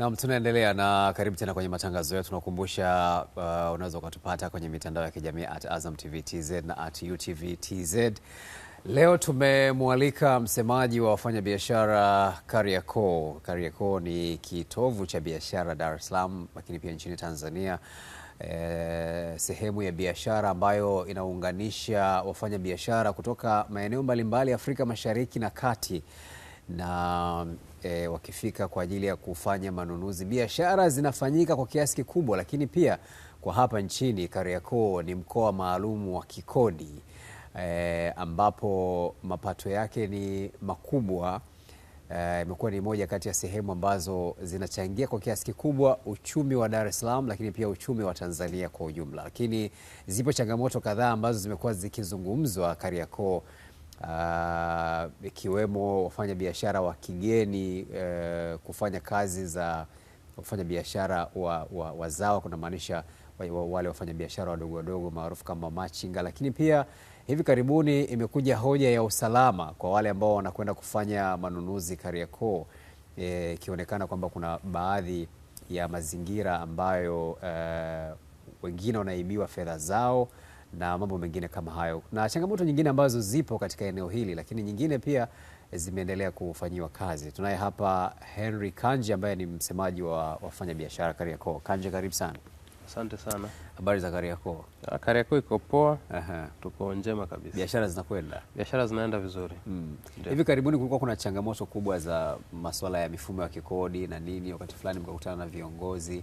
Naam, tunaendelea na karibu tena kwenye matangazo yetu. Tunakumbusha uh, unaweza ukatupata kwenye mitandao ya kijamii at Azam TV TZ na at UTV TZ. Leo tumemwalika msemaji wa wafanyabiashara Kariakoo. Kariakoo ni kitovu cha biashara Dar es Salaam, lakini pia nchini Tanzania. E, sehemu ya biashara ambayo inaunganisha wafanya biashara kutoka maeneo mbalimbali Afrika Mashariki na Kati na e, wakifika kwa ajili ya kufanya manunuzi. Biashara zinafanyika kwa kiasi kikubwa, lakini pia kwa hapa nchini Kariakoo ni mkoa maalum wa kikodi e, ambapo mapato yake ni makubwa e, imekuwa uh, ni moja kati ya sehemu ambazo zinachangia kwa kiasi kikubwa uchumi wa Dar es Salaam, lakini pia uchumi wa Tanzania kwa ujumla. Lakini zipo changamoto kadhaa ambazo zimekuwa zikizungumzwa Kariakoo Uh, ikiwemo wafanya biashara wa kigeni uh, kufanya kazi za wafanya biashara wa, wa, wazawa kuna maanisha wale wafanya biashara wadogo wadogo maarufu kama machinga. Lakini pia hivi karibuni imekuja hoja ya usalama kwa wale ambao wanakwenda kufanya manunuzi Kariakoo, eh, ikionekana e, kwamba kuna baadhi ya mazingira ambayo e, wengine wanaibiwa fedha zao na mambo mengine kama hayo, na changamoto nyingine ambazo zipo katika eneo hili, lakini nyingine pia zimeendelea kufanyiwa kazi. Tunaye hapa Henry Kanji ambaye ni msemaji wa wafanyabiashara Kariakoo. Kanji, karibu sana. Asante sana. Habari za Kariakoo? Ah, Kariakoo iko poa. Aha. Tuko njema kabisa. Biashara zinakwenda? Biashara zinaenda vizuri. Mm. Hivi karibuni kulikuwa kuna changamoto kubwa za masuala ya mifumo ya kikodi na nini, wakati fulani mkakutana na viongozi.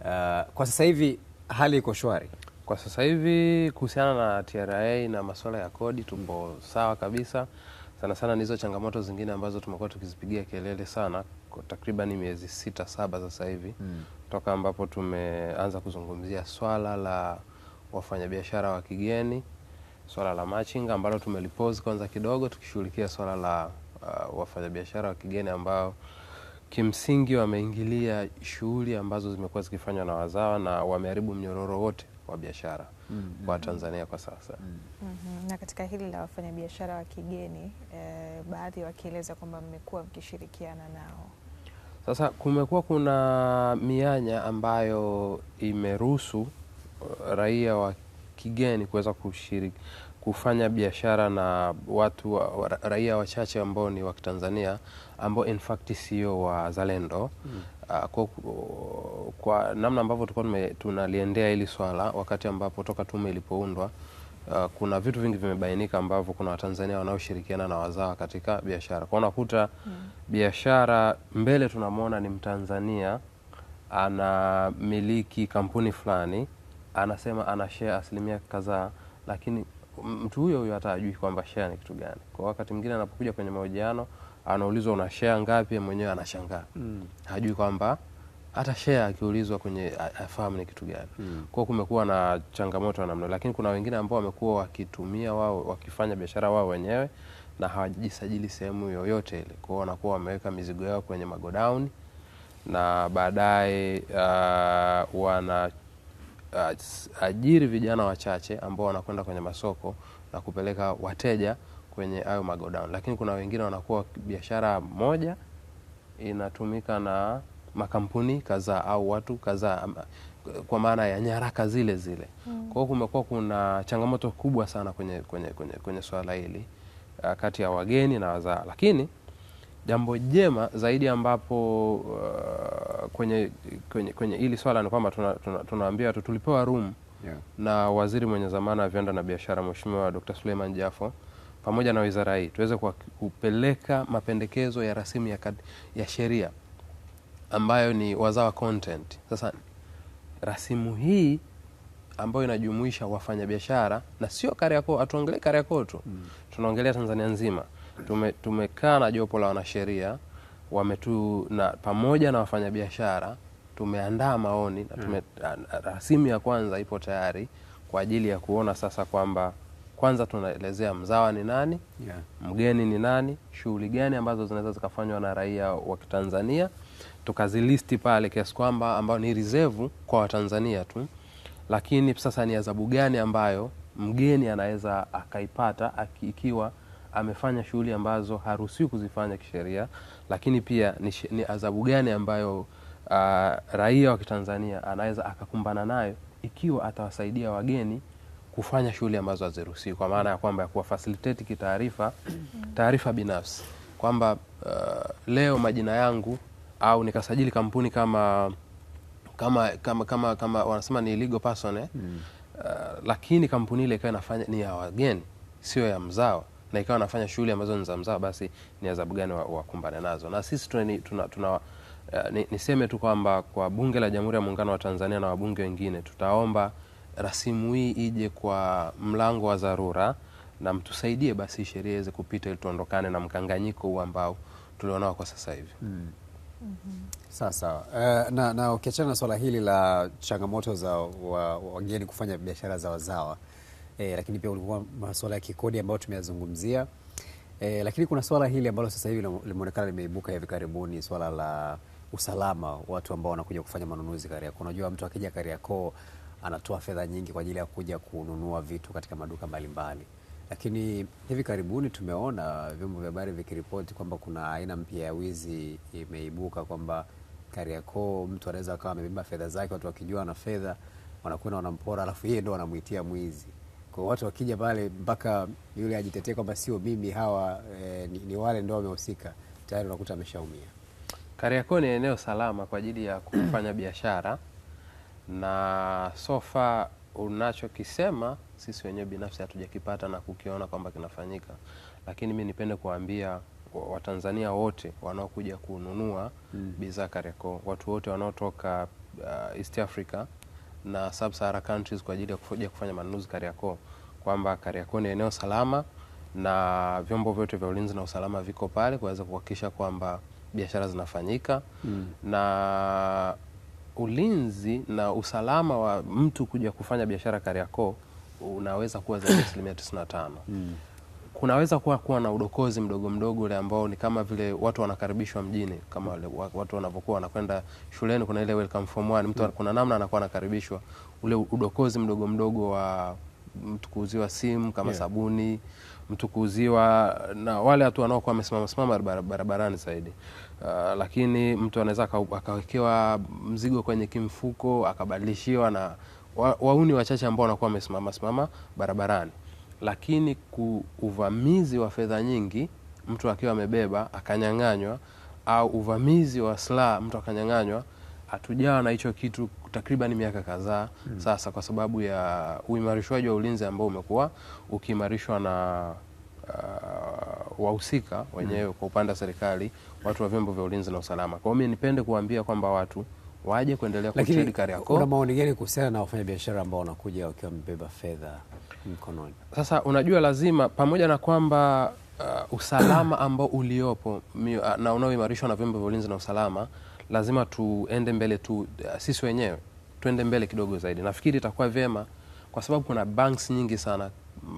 Uh, kwa sasa hivi hali iko shwari? Kwa sasa hivi kuhusiana na TRA na masuala ya kodi tupo sawa kabisa. Sana sana ni hizo changamoto zingine ambazo tumekuwa tukizipigia kelele sana kwa takriban miezi sita saba sasa hivi mm. toka ambapo tumeanza kuzungumzia swala la wafanyabiashara wa kigeni, swala la machinga ambalo tumelipozi kwanza kidogo, tukishughulikia swala la uh, wafanyabiashara wa kigeni ambao kimsingi wameingilia shughuli ambazo zimekuwa zikifanywa na wazawa na wameharibu mnyororo wote wa biashara mm -hmm. kwa Tanzania kwa sasa mm -hmm. Mm -hmm. Na katika hili la wafanyabiashara wa kigeni eh, baadhi wakieleza kwamba mmekuwa mkishirikiana nao sasa kumekuwa kuna mianya ambayo imeruhusu uh, raia wa kigeni kuweza kushiriki kufanya biashara na watu wa, raia wachache ambao ni wa Kitanzania ambao in fact sio wazalendo mm. Ah, kwa, kwa namna ambavyo tulikuwa tunaliendea hili swala wakati ambapo toka tume ilipoundwa, uh, kuna vitu vingi vimebainika ambavyo kuna Watanzania wanaoshirikiana na wazawa katika biashara kwa unakuta mm. biashara mbele tunamwona ni Mtanzania anamiliki kampuni fulani, anasema ana share asilimia kadhaa, lakini mtu huyo huyo hata ajui kwamba share ni kitu gani. Kwa wakati mwingine anapokuja kwenye mahojiano anaulizwa una share ngapi, mwenyewe anashangaa mm. hajui kwamba hata share akiulizwa kwenye afahamu ni kitu gani mm. Kwa kumekuwa na changamoto ya namna, lakini kuna wengine ambao wamekuwa wakitumia wao wakifanya biashara wao wenyewe na hawajisajili sehemu yoyote ile, kwao wanakuwa wameweka mizigo yao kwenye magodown na baadaye uh, wana uh, ajiri vijana wachache ambao wanakwenda kwenye masoko na kupeleka wateja kwenye hayo magodown, lakini kuna wengine wanakuwa biashara moja inatumika na makampuni kadhaa au watu kadhaa kwa maana ya nyaraka zile zile mm. Kwa hiyo kumekuwa kuna changamoto kubwa sana kwenye, kwenye, kwenye, kwenye swala hili ah, kati ya wageni na wazaa, lakini jambo jema zaidi ambapo uh, kwenye, kwenye, kwenye hili swala ni kwamba tunaambia tuna, tuna watu tulipewa room yeah. na waziri mwenye zamana ya viwanda na biashara Mheshimiwa Dr. Suleiman Jafo pamoja na wizara hii tuweze kupeleka mapendekezo ya rasimu ya, ya sheria ambayo ni wazawa content. Sasa rasimu hii ambayo inajumuisha wafanyabiashara na sio Kariakoo, hatuongelee Kariakoo tu mm. tunaongelea Tanzania nzima. Tume, tumekaa na jopo la wanasheria wametu na pamoja na wafanyabiashara tumeandaa maoni na tume, mm. rasimu ya kwanza ipo tayari kwa ajili ya kuona sasa kwamba kwanza tunaelezea mzawa ni nani, yeah. mgeni ni nani, shughuli gani ambazo zinaweza zikafanywa na raia wa Kitanzania, tukazilisti pale kiasi kwamba ambayo ni rizevu kwa Watanzania tu, lakini sasa ni adhabu gani ambayo mgeni anaweza akaipata ikiwa amefanya shughuli ambazo haruhusiwi kuzifanya kisheria, lakini pia ni, ni adhabu gani ambayo uh, raia wa Kitanzania anaweza akakumbana nayo ikiwa atawasaidia wageni kufanya shughuli ambazo haziruhusiwi, kwa maana ya kwamba ya kuwa kuwafasilitate kitaarifa taarifa binafsi kwamba uh, leo majina yangu au nikasajili kampuni kama kama kama kama, kama wanasema ni legal person eh? mm. Uh, lakini kampuni ile ikawa inafanya ni ya wageni sio ya mzao na ikawa nafanya shughuli ambazo ni za mzao, basi ni adhabu gani wakumbane wa nazo? Na sisi tuna, tuna, tuna, uh, niseme tu kwamba kwa Bunge la Jamhuri ya Muungano wa Tanzania na wabunge wengine tutaomba rasimu hii ije kwa mlango wa dharura na mtusaidie basi sheria iweze kupita ili tuondokane na mkanganyiko huu ambao tulionao kwa sasa hivi. mm. mm -hmm. Mm-hmm. Sawa sawa. Uh, na, na ukiachana na swala hili la changamoto za wageni wa kufanya biashara za wazawa eh, lakini pia ulikuwa masuala ya kikodi ambayo tumeyazungumzia eh, lakini kuna swala hili ambalo sasa hivi limeonekana limeibuka hivi karibuni, swala la usalama, watu ambao wanakuja kufanya manunuzi Kariakoo. Unajua mtu akija Kariakoo anatoa fedha nyingi kwa ajili ya kuja kununua vitu katika maduka mbalimbali, lakini hivi karibuni tumeona vyombo vya habari vikiripoti kwamba kuna aina mpya ya wizi imeibuka, kwamba Kariakoo mtu anaweza akawa amebeba fedha zake, watu wakijua na fedha wanakwenda wanampora, alafu yeye ndo wanamwitia mwizi. Kwa watu wakija pale mpaka yule ajitetee kwamba sio mimi hawa e, ni, ni wale ndo wamehusika, tayari unakuta ameshaumia. Kariakoo ni eneo salama kwa ajili ya kufanya biashara na sofa unachokisema sisi wenyewe binafsi hatujakipata na kukiona kwamba kinafanyika, lakini mi nipende kuwaambia Watanzania wote wanaokuja kununua mm. bidhaa Kariakoo, watu wote wanaotoka uh, East Africa na Sub-Sahara countries kwa ajili ya kuja kufanya manunuzi Kariakoo, kwamba Kariakoo ni eneo salama na vyombo vyote vya ulinzi na usalama viko pale kuweza kuhakikisha kwamba biashara zinafanyika mm. na ulinzi na usalama wa mtu kuja kufanya biashara Kariakoo unaweza kuwa zaidi ya asilimia 95. Mm. Kunaweza kuwa kuwa na udokozi mdogo mdogo ule ambao ni kama vile watu wanakaribishwa mjini kama wale watu wanavyokuwa wanakwenda shuleni, kuna ile welcome form 1 mtu mm. kuna namna anakuwa anakaribishwa, ule udokozi mdogo mdogo wa mtu kuuziwa simu kama yeah. sabuni mtu kuuziwa na wale watu wanaokuwa wamesimama simama barabarani zaidi. Uh, lakini mtu anaweza akawekewa mzigo kwenye kimfuko akabadilishiwa na wa, wauni wachache ambao wanakuwa wamesimama simama barabarani. Lakini uvamizi wa fedha nyingi mtu akiwa amebeba akanyang'anywa, au uvamizi wa silaha mtu akanyang'anywa hatujawa na hicho kitu takriban miaka kadhaa mm. Sasa kwa sababu ya uimarishwaji wa ulinzi ambao umekuwa ukiimarishwa na uh, wahusika hmm. wenyewe mm. kwa upande wa serikali, watu wa vyombo vya ulinzi na usalama. Kwa hiyo mimi nipende kuambia kwamba watu waje kuendelea kutrade Kariakoo. Una maoni gani kuhusiana na wafanyabiashara ambao wanakuja wakiwa wamebeba fedha mkononi? Sasa unajua, lazima pamoja na kwamba uh, usalama ambao uliopo uh, na unaoimarishwa na vyombo vya ulinzi na usalama lazima tuende mbele tu, eh, sisi wenyewe tuende mbele kidogo zaidi. Nafikiri itakuwa vyema kwa sababu kuna banks nyingi sana,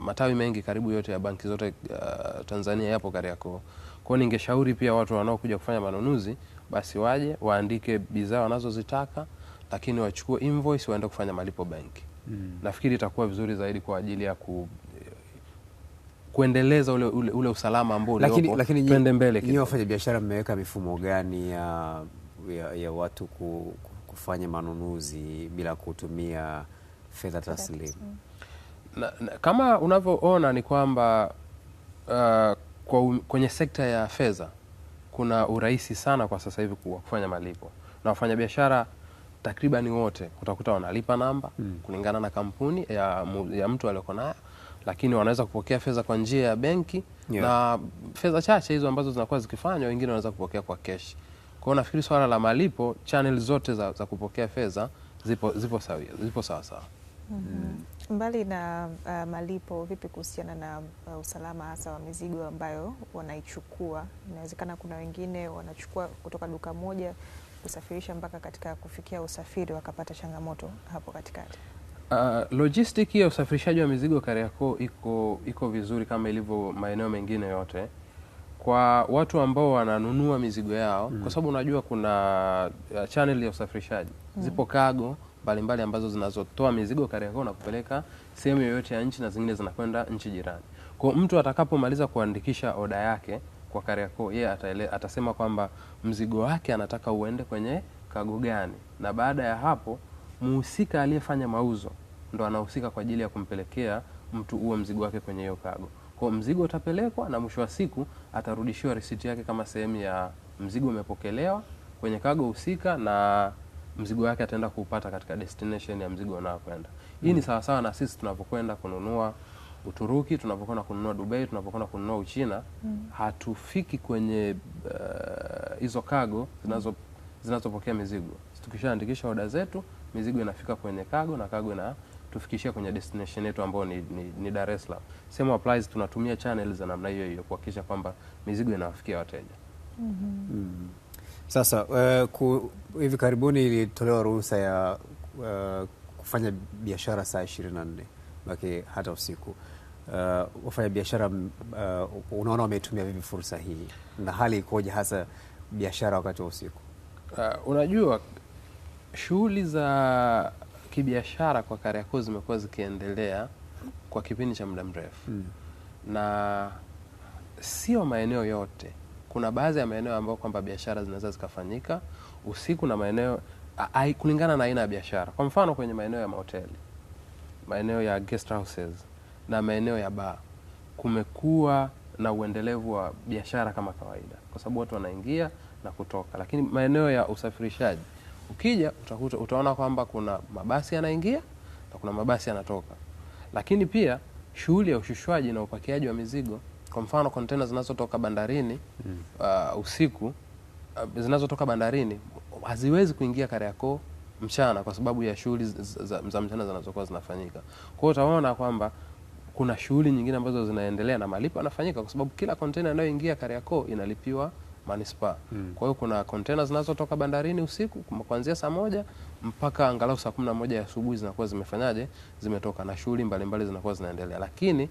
matawi mengi karibu yote ya banki zote uh, Tanzania yapo Kariakoo. Kwa hiyo ningeshauri pia watu wanaokuja kufanya manunuzi basi waje waandike bidhaa wanazozitaka, lakini wachukue invoice waende kufanya malipo benki. Mm. Nafikiri itakuwa vizuri zaidi kwa ajili ya ku eh, kuendeleza ule, ule, ule usalama ambao uliopo, twende mbele. Lakini nyinyi wafanya biashara mmeweka mifumo gani ya uh ya, ya watu kufanya manunuzi bila kutumia fedha taslimu. Mm. Na, na, kama unavyoona ni kwamba uh, kwa, kwenye sekta ya fedha kuna urahisi sana kwa sasa hivi kufanya malipo na wafanyabiashara takribani wote utakuta wanalipa namba mm. kulingana na kampuni ya, ya mtu aliyoko nayo, lakini wanaweza kupokea fedha kwa njia ya benki yeah, na fedha chache hizo ambazo zinakuwa zikifanywa, wengine wanaweza kupokea kwa keshi. Kwa hiyo nafikiri swala la malipo, channel zote za, za kupokea fedha zipo, zipo zipo sawa sawa. mm -hmm. Mbali na uh, malipo, vipi kuhusiana na uh, usalama hasa wa mizigo ambayo wanaichukua? Inawezekana kuna wengine wanachukua kutoka duka moja kusafirisha mpaka katika kufikia usafiri wakapata changamoto hapo katikati. Uh, logistic ya usafirishaji wa mizigo Kariakoo iko, iko vizuri kama ilivyo maeneo mengine yote kwa watu ambao wananunua mizigo yao mm. kwa sababu unajua kuna uh, channel ya usafirishaji mm. zipo cargo mbalimbali ambazo zinazotoa mizigo Kariakoo na kupeleka sehemu yoyote ya nchi na zingine zinakwenda nchi jirani. Kwa mtu atakapomaliza kuandikisha oda yake kwa Kariakoo, yeye atasema kwamba mzigo wake anataka uende kwenye kago gani, na baada ya hapo muhusika aliyefanya mauzo ndo anahusika kwa ajili ya kumpelekea mtu huo mzigo wake kwenye hiyo kago. Kwa mzigo utapelekwa na mwisho wa siku atarudishiwa risiti yake kama sehemu ya mzigo umepokelewa kwenye kago husika na mzigo wake ataenda kuupata katika destination ya mzigo unaokwenda. Hii ni hmm. sawa sawa na sisi tunapokwenda kununua Uturuki, tunapokwenda kununua Dubai, tunapokwenda kununua Uchina hmm. hatufiki kwenye eh, hizo uh, zinazo hmm. zinazopokea mizigo. Tukishaandikisha oda zetu, mizigo inafika kwenye kago na kago na kutufikishia kwenye destination yetu ambayo ni, ni, ni Dar es Salaam. Same applies, tunatumia channels za namna hiyo hiyo kuhakikisha kwamba mizigo inawafikia wateja. mm -hmm. Mm. Sasa uh, ku, hivi karibuni ilitolewa ruhusa ya uh, kufanya biashara saa 24 baki hata usiku uh, wafanya biashara uh, unaona wametumia vipi fursa hii na hali ikoje hasa biashara wakati wa usiku? Uh, unajua shughuli za kibiashara kwa Kariakoo zimekuwa zikiendelea kwa kipindi cha muda mrefu mm. na sio maeneo yote. Kuna baadhi ya maeneo ambayo kwamba biashara zinaweza zikafanyika usiku na maeneo kulingana na aina ya biashara. Kwa mfano kwenye maeneo ya mahoteli, maeneo ya guest houses na maeneo ya bar, kumekuwa na uendelevu wa biashara kama kawaida, kwa sababu watu wanaingia na kutoka, lakini maeneo ya usafirishaji Ukija utakuta utaona kwamba kuna mabasi yanaingia na kuna mabasi yanatoka, lakini pia shughuli ya ushushwaji na upakiaji wa mizigo, kwa mfano kontena zinazotoka bandarini mm. uh, usiku uh, zinazotoka bandarini haziwezi kuingia Kariakoo mchana kwa sababu ya shughuli za mchana zinazokuwa zinafanyika. Kwa hiyo utaona kwamba kuna shughuli nyingine ambazo zinaendelea na malipo yanafanyika, kwa sababu kila kontena inayoingia Kariakoo inalipiwa manispaa mm. Kwa hiyo kuna kontena zinazotoka bandarini usiku kuanzia saa moja mpaka angalau saa kumi na moja asubuhi zinakuwa zimefanyaje, zimetoka na shughuli mbalimbali zinakuwa zinaendelea, lakini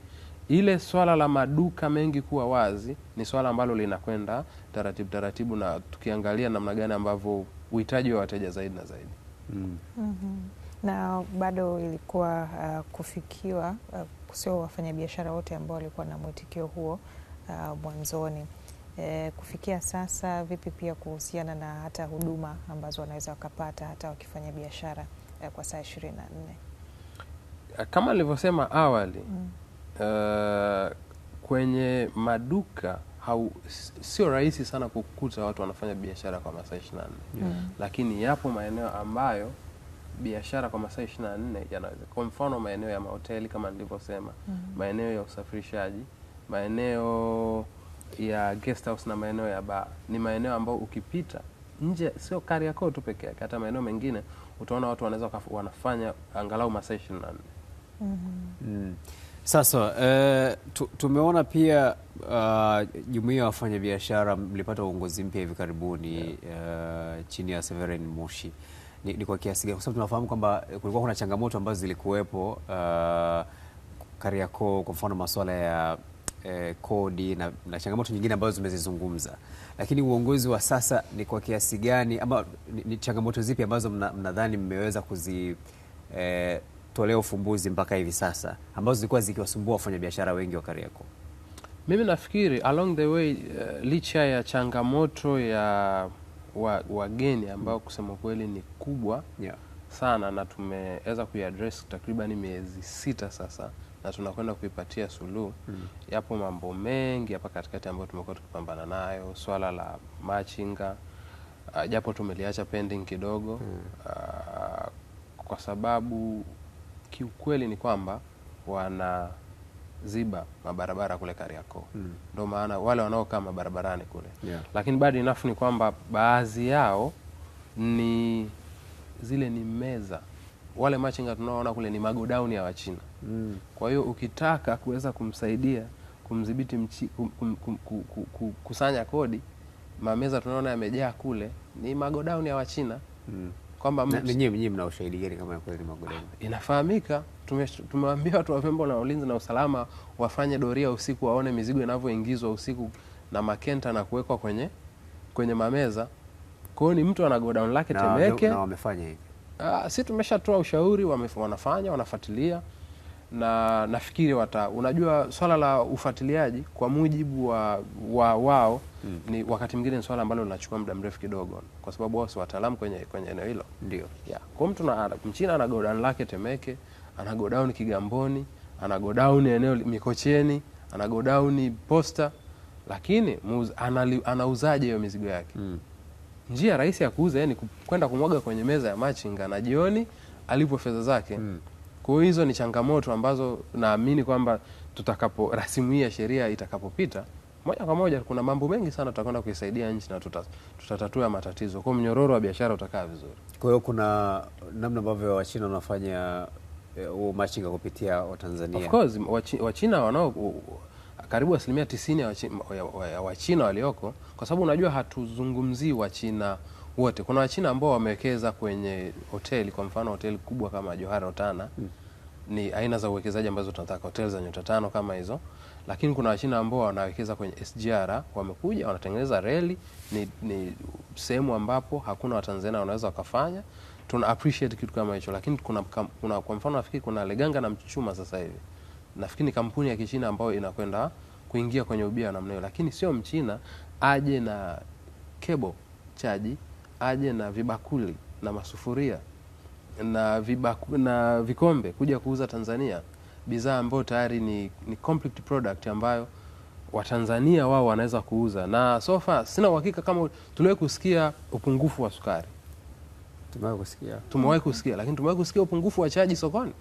ile swala la maduka mengi kuwa wazi ni swala ambalo linakwenda taratibu taratibu, na tukiangalia namna gani ambavyo uhitaji wa wateja zaidi na zaidi mm. Mm -hmm. Mhm. na bado ilikuwa uh, kufikiwa uh, sio wafanyabiashara wote ambao walikuwa na mwitikio huo uh, mwanzoni. E, kufikia sasa vipi pia kuhusiana na hata huduma ambazo wanaweza wakapata hata wakifanya biashara e, kwa saa ishirini na nne kama nilivyosema awali mm. Uh, kwenye maduka hau, sio rahisi sana kukuta watu wanafanya biashara kwa masaa ishirini na nne yeah. Mm. Lakini yapo maeneo ambayo biashara kwa masaa ishirini na nne yanaweza, kwa mfano maeneo ya mahoteli kama nilivyosema, mm. maeneo ya usafirishaji, maeneo ya guest house na maeneo ya baa ni maeneo ambayo ukipita nje, sio Kariakoo tu peke yake, hata maeneo mengine utaona watu wanaweza wanafanya angalau masaa ishirini na nne. mm -hmm. mm. Sasa uh, tumeona pia ah, jumuiya uh, ya wafanyabiashara mlipata uongozi mpya hivi karibuni yeah. uh, chini ya Severin Moshi ni, ni kwa kiasi gani, kwa sababu tunafahamu kwamba eh, kulikuwa kuna changamoto ambazo zilikuwepo uh, Kariakoo, kwa mfano masuala ya eh, kodi na, na changamoto nyingine ambazo zimezizungumza, lakini uongozi wa sasa ni kwa kiasi gani ama ni, ni changamoto zipi ambazo mnadhani mna mmeweza kuzitolea eh, ufumbuzi mpaka hivi sasa ambazo zilikuwa zikiwasumbua wafanyabiashara wengi wa Kariakoo? Mimi nafikiri along the way uh, licha ya changamoto ya wageni wa ambao kusema kweli ni kubwa yeah, sana na tumeweza kuiaddress takriban miezi sita sasa na tunakwenda kuipatia suluhu mm. Yapo mambo mengi hapa katikati ambayo tumekuwa tukipambana nayo, swala la machinga uh, japo tumeliacha pending kidogo mm. uh, kwa sababu kiukweli ni kwamba wanaziba mabarabara kule Kariakoo hmm. ndio maana wale wanaokaa mabarabarani kule yeah. Lakini bado inafu ni kwamba baadhi yao ni zile ni meza, wale machinga tunaoona kule ni magodauni ya Wachina kwa hiyo ukitaka kuweza kumsaidia kumdhibiti kum, kum, kum, kum, kusanya kodi, mameza tunaona yamejaa kule, ni magodauni ya Wachina mm. kwamba nyinyi mna ushahidi gani kama kweli ni magodauni? Inafahamika, tumewaambia watu wa vyombo na ulinzi na usalama wafanye doria usiku, waone mizigo inavyoingizwa usiku na makenta na kuwekwa kwenye kwenye mameza. Kwa hiyo ni mtu ana godown lake Temeke na wamefanya hivi. Ah, si tumeshatoa ushauri, wanafanya wanafuatilia na nafikiri wata, unajua swala la ufuatiliaji kwa mujibu wa, wa wao mm. ni wakati mwingine ni swala ambalo linachukua muda mrefu kidogo, kwa sababu wao si wataalamu kwenye kwenye eneo hilo. Ndio yeah. kwa mtu na mchina ana godown lake Temeke, ana godown Kigamboni, ana godown eneo Mikocheni, ana godown Posta, lakini anauzaje hiyo mizigo yake mm. njia rahisi ya kuuza ni kwenda kumwaga kwenye meza ya machinga na jioni alipo fedha zake mm. Kwa hiyo hizo ni changamoto ambazo naamini kwamba tutakapo rasimu hii ya sheria itakapopita moja kwa moja, kuna mambo mengi sana tutakwenda kuisaidia nchi na tuta, tutatatua matatizo. Kwa hiyo mnyororo wa biashara utakaa vizuri. Kwa hiyo kuna namna ambavyo Wachina wanafanya huo eh, uh, machinga kupitia Watanzania. Of course Wachina wanao uh, karibu asilimia tisini ya Wachina walioko, kwa sababu unajua hatuzungumzii Wachina wote. Kuna Wachina ambao wamewekeza kwenye hoteli, kwa mfano hoteli kubwa kama Johara Otana mm. Ni aina za uwekezaji ambazo tunataka, hoteli za nyota tano kama hizo, lakini kuna Wachina ambao wanawekeza kwenye SGR, wamekuja wanatengeneza reli, ni, ni sehemu ambapo hakuna Watanzania wanaweza wakafanya. Tuna appreciate kitu kama hicho, lakini kuna, kuna, kwa mfano nafikiri kuna Leganga na Mchuchuma sasa hivi nafikiri ni kampuni ya Kichina ambayo inakwenda kuingia kwenye ubia wa namna hiyo, lakini sio Mchina aje na kebo chaji aje na vibakuli na masufuria na, vibaku, na vikombe kuja kuuza Tanzania bidhaa ambayo tayari ni, ni complete product ambayo Watanzania wao wanaweza kuuza, na so far sina uhakika kama tuliwahi kusikia upungufu wa sukari. Tumewahi kusikia, tumewahi kusikia, lakini tumewahi kusikia upungufu wa chaji sokoni,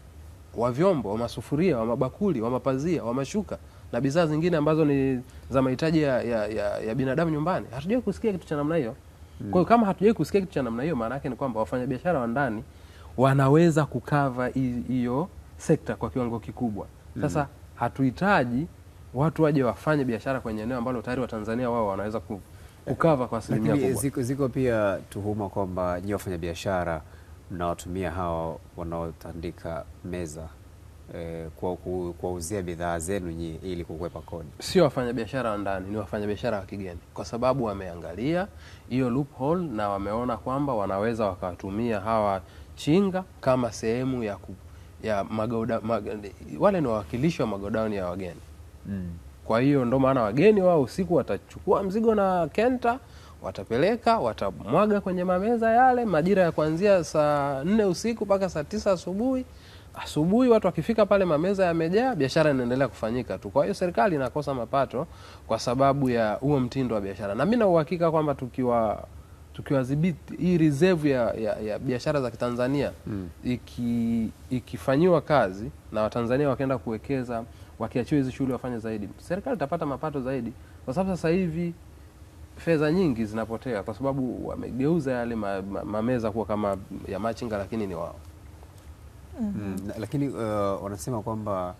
wa vyombo, wa masufuria, wa mabakuli, wa mapazia, wa mashuka na bidhaa zingine ambazo ni za mahitaji ya, ya, ya, ya binadamu nyumbani. Hatujawahi kusikia kitu cha namna hiyo. Kwa hiyo kama hatujawai kusikia kitu cha namna hiyo, maana yake ni kwamba wafanyabiashara wa ndani wanaweza kukava hiyo sekta kwa kiwango kikubwa. Sasa mm. hatuhitaji watu waje wafanye biashara kwenye eneo ambalo tayari Watanzania wao wanaweza kukava kwa asilimia kubwa. Ziko, ziko pia tuhuma kwamba nyie wafanyabiashara mnawatumia hawa wanaotandika meza Eh, kuwauzia bidhaa zenu nyi ili kukwepa kodi? Sio wafanyabiashara wa ndani, ni wafanyabiashara wa kigeni, kwa sababu wameangalia hiyo loophole na wameona kwamba wanaweza wakawatumia hawa chinga kama sehemu ya, ku, ya magoda, mag, wale ni wawakilishi wa magodauni ya wageni mm. Kwa hiyo ndo maana wageni wao usiku watachukua mzigo na kenta watapeleka watamwaga kwenye mameza yale majira ya kuanzia saa nne usiku mpaka saa tisa asubuhi asubuhi watu wakifika pale mameza yamejaa, biashara inaendelea kufanyika tu. Kwa hiyo serikali inakosa mapato kwa sababu ya huo mtindo wa biashara, na mi na uhakika kwamba tukiwa tukiwadhibiti hii reserve ya, ya, ya biashara za Kitanzania mm. iki, ikifanyiwa kazi na Watanzania wakienda kuwekeza, wakiachiwa hizi shughuli wafanye zaidi, serikali itapata mapato zaidi, kwa sababu sasa hivi fedha nyingi zinapotea kwa sababu wamegeuza yale mameza ma, ma kuwa kama ya machinga, lakini ni wao mm, mm Lakini uh, wanasema kwamba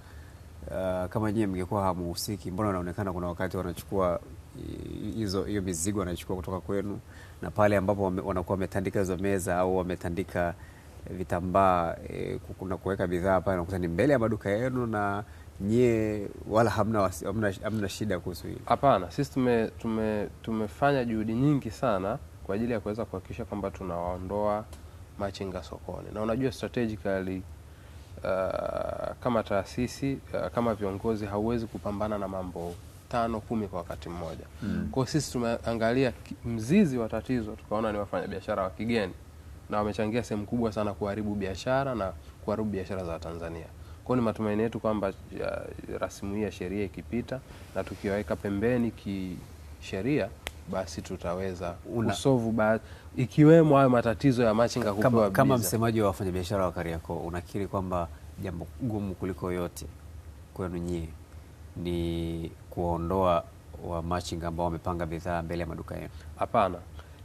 uh, kama nyie mngekuwa hamuhusiki, mbona wanaonekana kuna wakati wanachukua hizo hiyo mizigo wanachukua kutoka kwenu, na pale ambapo wanakuwa wametandika hizo meza au wametandika eh, vitambaa e, kuna kuweka bidhaa pale, nakuta ni mbele ya maduka yenu na nyie wala hamna, hamna, hamna shida kuhusu hili? Hapana, sisi tume, tume, tumefanya juhudi nyingi sana kwa ajili ya kuweza kuhakikisha kwamba tunawaondoa machinga sokoni, na unajua strategically uh, kama taasisi uh, kama viongozi hauwezi kupambana na mambo tano kumi kwa wakati mmoja mm. Kwa sisi tumeangalia mzizi wa tatizo, tukaona ni wafanyabiashara wa kigeni na wamechangia sehemu kubwa sana kuharibu biashara na kuharibu biashara za Tanzania. Kwa ni matumaini yetu kwamba uh, rasimu hii ya sheria ikipita na tukiwaweka pembeni kisheria, basi tutaweza kusovu baadhi ikiwemo hayo matatizo ya machinga kupewa kama, kama msemaji wa wafanyabiashara wa Kariakoo, unakiri kwamba jambo gumu kuliko yote kwenu nyie ni kuwaondoa wamachinga ambao wamepanga bidhaa mbele ya maduka yenu? Hapana,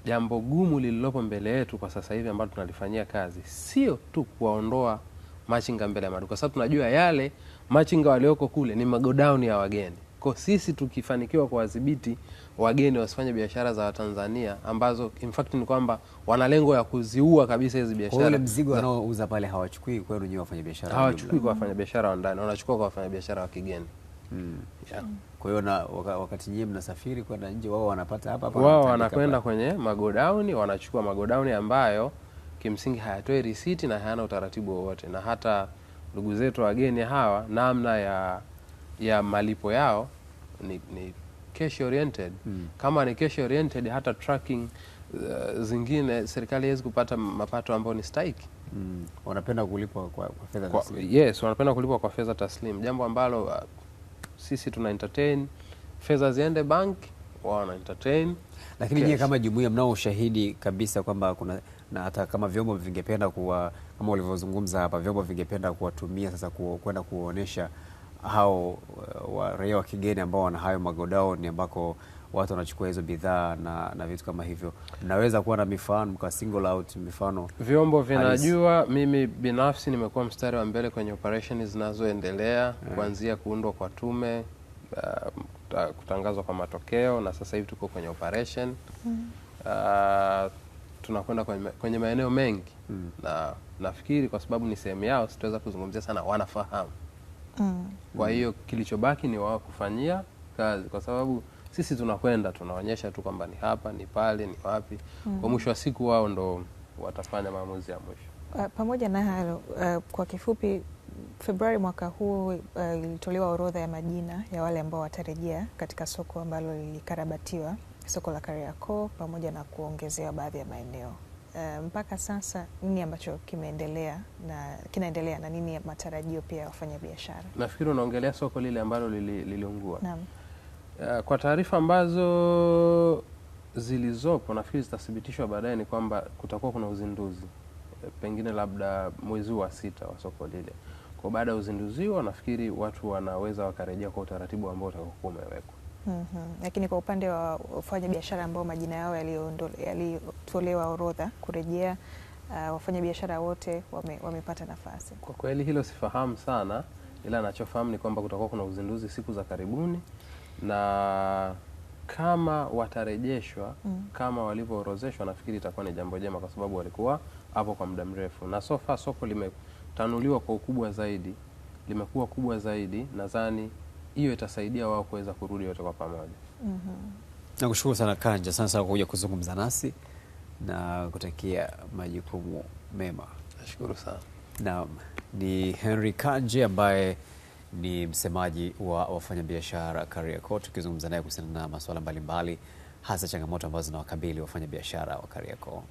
jambo gumu lililopo mbele yetu kwa sasa hivi ambalo tunalifanyia kazi sio tu kuwaondoa machinga mbele ya maduka, kwa sababu tunajua yale machinga walioko kule ni magodauni ya wageni kwa sisi tukifanikiwa kuwadhibiti wageni wasifanye biashara za Watanzania ambazo in fact ni kwamba wana lengo ya kuziua kabisa hizi biashara. Kwa mzigo wanaouza pale hawachukui kwenu nyinyi wafanya biashara. Hawachukui kwa wafanya biashara wa ndani, wanachukua kwa wafanya biashara wa kigeni. Hmm. Hmm. Kwa hiyo na wakati nyinyi mnasafiri kwenda nje, wao wanapata hapa hapa, wao wanakwenda kwenye magodauni, wanachukua magodauni ambayo kimsingi hayatoi risiti na hayana utaratibu wowote, na hata ndugu zetu wageni hawa namna ya ya malipo yao ni, ni cash oriented mm. Kama ni cash oriented hata tracking uh, zingine serikali haiwezi kupata mapato ambayo ni stahiki mm. Wanapenda kulipwa kwa, kwa fedha taslim. Yes, wanapenda kulipwa kwa fedha taslim, jambo ambalo uh, sisi tuna entertain fedha ziende bank, wana entertain. Lakini je, kama jumuiya mnao ushahidi kabisa kwamba kuna na hata kama vyombo vingependa kuwa kama ulivyozungumza hapa, vyombo vingependa kuwatumia sasa kwenda kuonesha hao eh, wa raia wa kigeni ambao wana hayo magodauni ambako watu wanachukua hizo bidhaa na, na vitu kama hivyo. Mnaweza kuwa na mifano mka single out mifano, vyombo vinajua. Mimi binafsi nimekuwa mstari wa mbele kwenye operesheni zinazoendelea yeah, kuanzia kuundwa kwa tume uh, kutangazwa kwa matokeo na sasa hivi tuko kwenye operation mm, uh, tunakwenda kwenye, kwenye maeneo mengi mm, na nafikiri kwa sababu ni sehemu yao sitaweza kuzungumzia sana, wanafahamu mm. Kwa hiyo kilichobaki ni wao kufanyia kazi, kwa sababu sisi tunakwenda tunaonyesha tu kwamba ni hapa ni pale ni wapi mm. Kwa mwisho wa siku wao ndo watafanya maamuzi ya mwisho. Eh, pamoja na hayo, uh, kwa kifupi Februari mwaka huu eh, ilitolewa uh, orodha ya majina ya wale ambao watarejea katika soko ambalo lilikarabatiwa, soko la Kariakoo, pamoja na kuongezewa baadhi ya maeneo. Eh, mpaka sasa nini ambacho kimeendelea na kinaendelea na nini matarajio pia ya wafanyabiashara? Nafikiri unaongelea soko lile ambalo liliungua. li Uh, eh, kwa taarifa ambazo zilizopo nafikiri zitathibitishwa baadaye, ni kwamba kutakuwa kuna uzinduzi eh, pengine labda mwezi wa sita wa soko lile. Kwa baada ya uzinduzi huo, nafikiri watu wanaweza wakarejea kwa utaratibu ambao utakuwa umewekwa. Mm -hmm. Lakini kwa upande wa wafanya biashara ambao majina yao yalitolewa orodha kurejea, uh, wafanya biashara wote wame, wamepata nafasi. Kwa kweli hilo sifahamu sana, ila anachofahamu ni kwamba kutakuwa kuna uzinduzi siku za karibuni na kama watarejeshwa mm. kama walivyoorozeshwa, nafikiri itakuwa ni jambo jema, kwa sababu walikuwa hapo kwa muda mrefu, na sofa soko limetanuliwa kwa ukubwa zaidi, limekuwa kubwa zaidi nadhani hiyo itasaidia wao kuweza kurudi wote kwa pamoja. mm -hmm. Nakushukuru sana Kanja, sana sana kwa kuja kuzungumza nasi na kutakia majukumu mema. Nashukuru sana. Naam, ni Henry Kanje ambaye ni msemaji wa wafanyabiashara Kariakoo, tukizungumza naye kuhusiana na masuala mbalimbali, hasa changamoto ambazo zinawakabili wafanyabiashara wa Kariakoo.